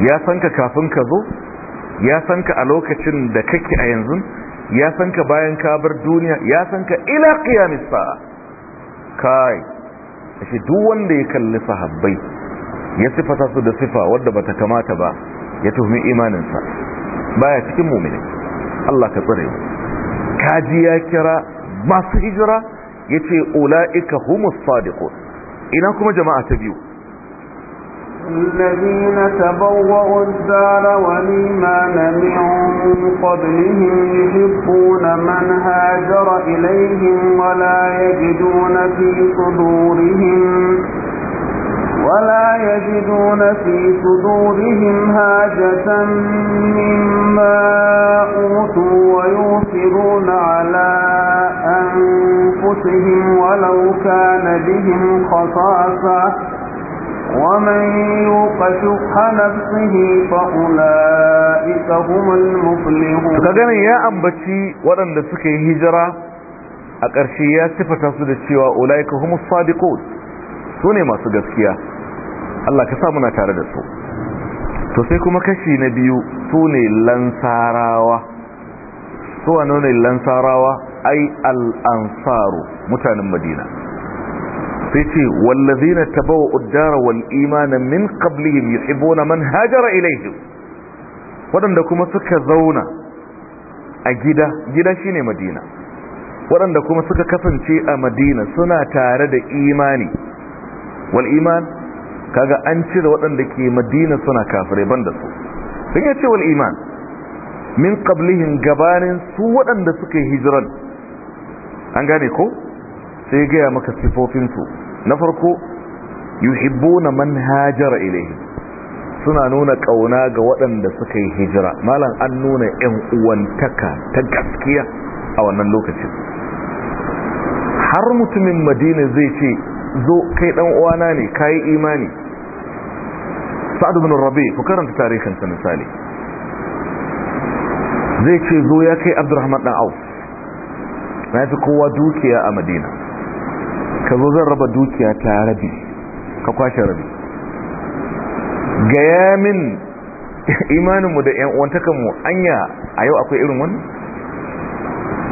Speaker 1: ya san ka kafin ka zo ya san ka a lokacin da kake a yanzu ya san ka bayan ka bar duniya ya san ka ila qiyamis kai shi duk wanda ya kalli sahabbai ya sifata su da sifa wadda bata kamata ba ya tuhumi imaninsa. sa baya cikin mu'mini Allah ka tsare Ka kaji ya kira masu hijira yace ulaika humus sadiqun ina kuma jama'a ta biyu
Speaker 2: الذين تبوأوا الدار والإيمان من قبلهم يحبون من هاجر إليهم ولا يجدون في صدورهم ولا يجدون في صدورهم هاجة مما أوتوا ويؤثرون على أنفسهم ولو كان بهم خصاصة ومن يوق شح نفسه فأولئك هم المفلحون
Speaker 1: كذلك يا أمبتي ولن لسكي هجرة أكرشي يا صفة تصد الشيوى أولئك هم الصادقون سوني ما سجسكيا Allah ka sa muna tare da su to sai kuma kashi na biyu su ne lansarawa su wane ne lansarawa ai al'ansaru mutanen madina sai ce wallazina tabawa uddara wal imana min ya yuhibbuna na hajara ilayhim Waɗanda kuma suka zauna a gida gida shi ne madina Waɗanda kuma suka kasance a madina suna tare da imani wal iman kaga an cire waɗanda ke madina suna kafirai da su sun yace wal iman min qablihim gabanin su waɗanda suka hijiran an gane ko sai gaya maka sifofinsu na farko yuhibbuna na manhajar ilaihi suna nuna kauna ga waɗanda suka yi hijira malam an nuna yan uwantaka ta gaskiya a wannan lokacin har mutumin madina zai ce zo kai dan uwana ne kai imani sa'ad ibn rabi ku karanta tarihin sa misali zai ce zo ya kai abdurrahman dan auf na fi kowa dukiya a madina ka zo zan raba dukiya ta rabi ka kwashe rabi gaya min imaninmu da yan uwantakanmu anya a yau akwai irin wani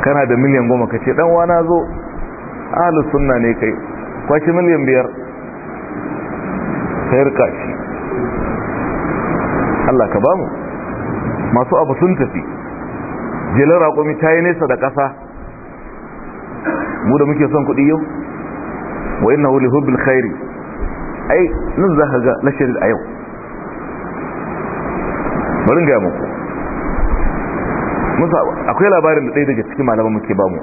Speaker 1: kana da miliyan goma ka ce dan na zo ahalus sunna ne kai kwashe miliyan biyar ka yarka shi Allah ka bamu masu abu sun tafi jelar raƙumi ta yi nesa da ƙasa mu da muke son kuɗi yau wa innahu li hubbil khairi ai nan za ka ga lashirin a yau bari ga muku musa akwai labarin da ɗaya daga cikin malaman muke ba mu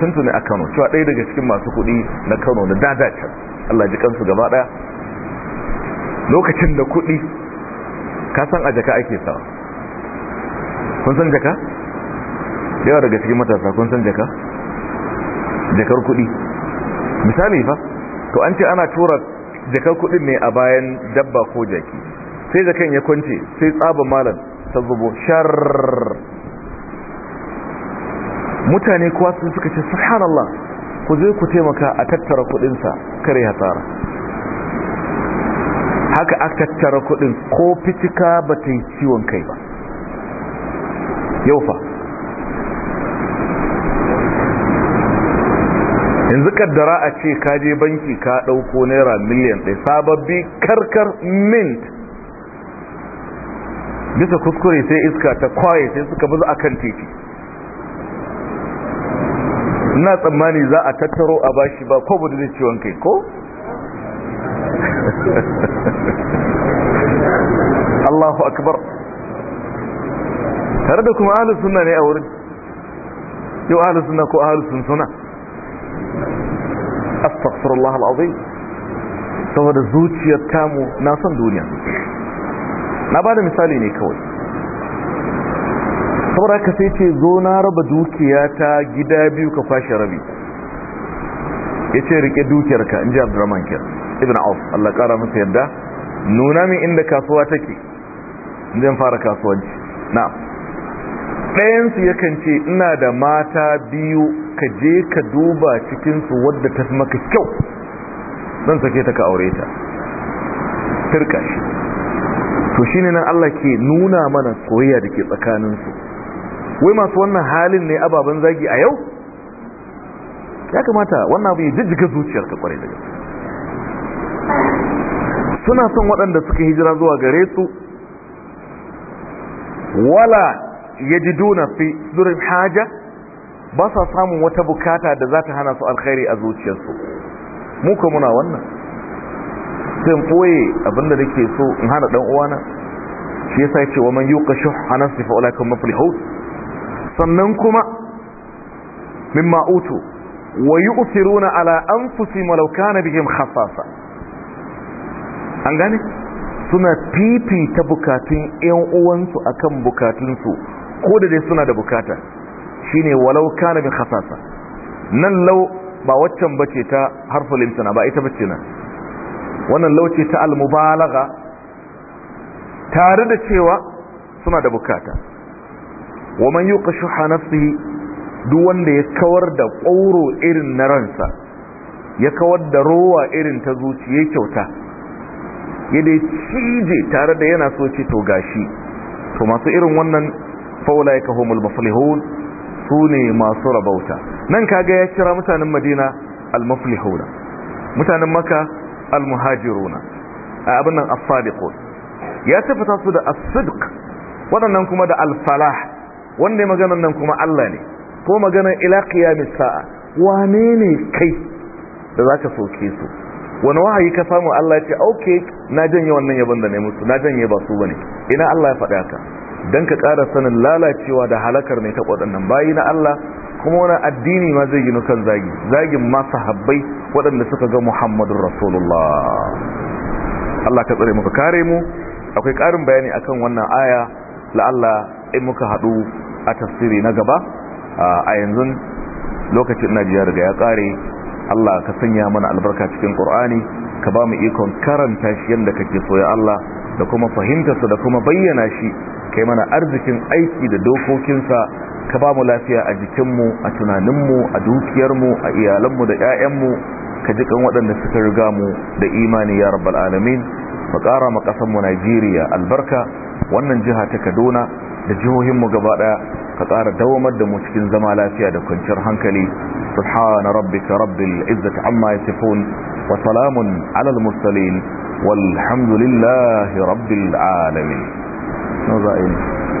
Speaker 1: tuntuni a kano cewa ɗaya daga cikin masu kuɗi na kano da dadacan allah ji kansu gaba ɗaya lokacin da kuɗi ka san a jaka ake sawa kun san jaka yawa daga cikin matasa kun san jaka jakar kuɗi misali fa to an ce ana tura jakar kudin ne a bayan dabba ko jaki sai zakan ya kwance sai tsaba malam ta zubo shar mutane kuwa sun suka ce subhanallah ku zai ku taimaka a tattara sa kare hasara haka a tattara kudin ko fitika ba ta yi ciwon kai ba yau fa yanzu kaddara a ce ka je banki ka ɗauko naira miliyan ɗaya sababbi karkar mint bisa kuskure sai iska ta kwaye sai suka bazu a kan titi ina tsammani za a tattaro a bashi ba ko bude zai ciwon kai ko? Allahu akbar tare da kuma ahalusunna suna ne a wurin yau ahalusunna suna ko ahalusun suna astaghfirullah al'azim saboda zuciyar tamu na son duniya na ba da misali ne kawai saboda haka sai ce zo na raba dukiyata gida biyu ka kwashe rabi ya ce rike dukiyarka in ji abdurrahman kiyar ibn auf allah kara masa yadda nuna min inda kasuwa take zan fara kasuwanci na'am su yakan ce ina da mata biyu ka je ka duba cikin su wadda ta fi maka kyau don sake ta ka aure ta turka shi to shine nan Allah ke nuna mana soyayya da ke tsakaninsu wai masu wannan halin ne ababen zagi a yau ya kamata wannan abu ya jijjiga zuciyar ka kwarai daga suna son waɗanda suka hijira zuwa gare su wala yajiduna fi durin haja ba sa samun wata bukata da za ta hana su alkhairi a zuciyarsu mu ko muna wannan sai koye abinda nake so in hana dan uwana shi yasa yace wa man yuqa shuhha nafsi fa ulaikum muflihun sannan kuma mimma utu wa yu'thiruna ala anfusihim walau kana bihim khasasa an gane suna ta bukatun 'yan uwansu akan bukatunsu ko da dai suna da bukata shine walau kana bin khasasa nan lau ba waccan bace ta harful imtina ba ita bace na wannan law ce ta almubalaga tare da cewa suna da bukata wa man yuqashu nafsihi duk wanda ya kawar da ƙauro irin na ransa ya kawar da rowa irin ta zuciya kyauta ya dai cije tare da yana so ce to gashi to masu irin wannan فأولئك هم المفلحون سوني masu rabauta nan kaga ya يا mutanen متانن مدينة المفلحون متانن مكة المهاجرون abin nan as ya tafata su da as waɗannan kuma da al-falah wanda maganan nan kuma Allah ne ko maganar ila qiyamis sa'a wane ne kai da zaka soke su wani wahayi ka samu Allah ya ce okay na janye wannan yabon da ne musu na janye ba su bane ina Allah ya faɗa ka don ka ƙara sanin lalacewa da halakar mai ta waɗannan bayi na Allah kuma wani addini ma zai ginu kan zagi zagin masu habbai waɗanda suka ga muhammadun rasulullah Allah ka tsare muka kare mu akwai ƙarin bayani akan wannan aya Allah in muka haɗu a tafsiri na gaba a yanzu lokacin najiya daga ya ƙare Allah ka sanya mana albarka cikin ƙur'ani ka ba mu ikon karanta shi yadda kake so ya Allah da kuma fahimtarsa da kuma bayyana shi kai mana arzikin aiki da dokokinsa ka ba mu lafiya a jikinmu a tunaninmu a dukiyarmu a iyalanmu da 'ya'yanmu ka jikan waɗanda suka riga mu da imani ya rabbal alamin mu ƙara ma najeriya albarka wannan jiha ta kaduna da jihohinmu gaba ɗaya ka ƙara dawamar da mu cikin zama lafiya da kwanciyar hankali subhana rabbika rabbil izzati amma yasifun wa salamun alal mursalin walhamdu lillahi رب no za a yi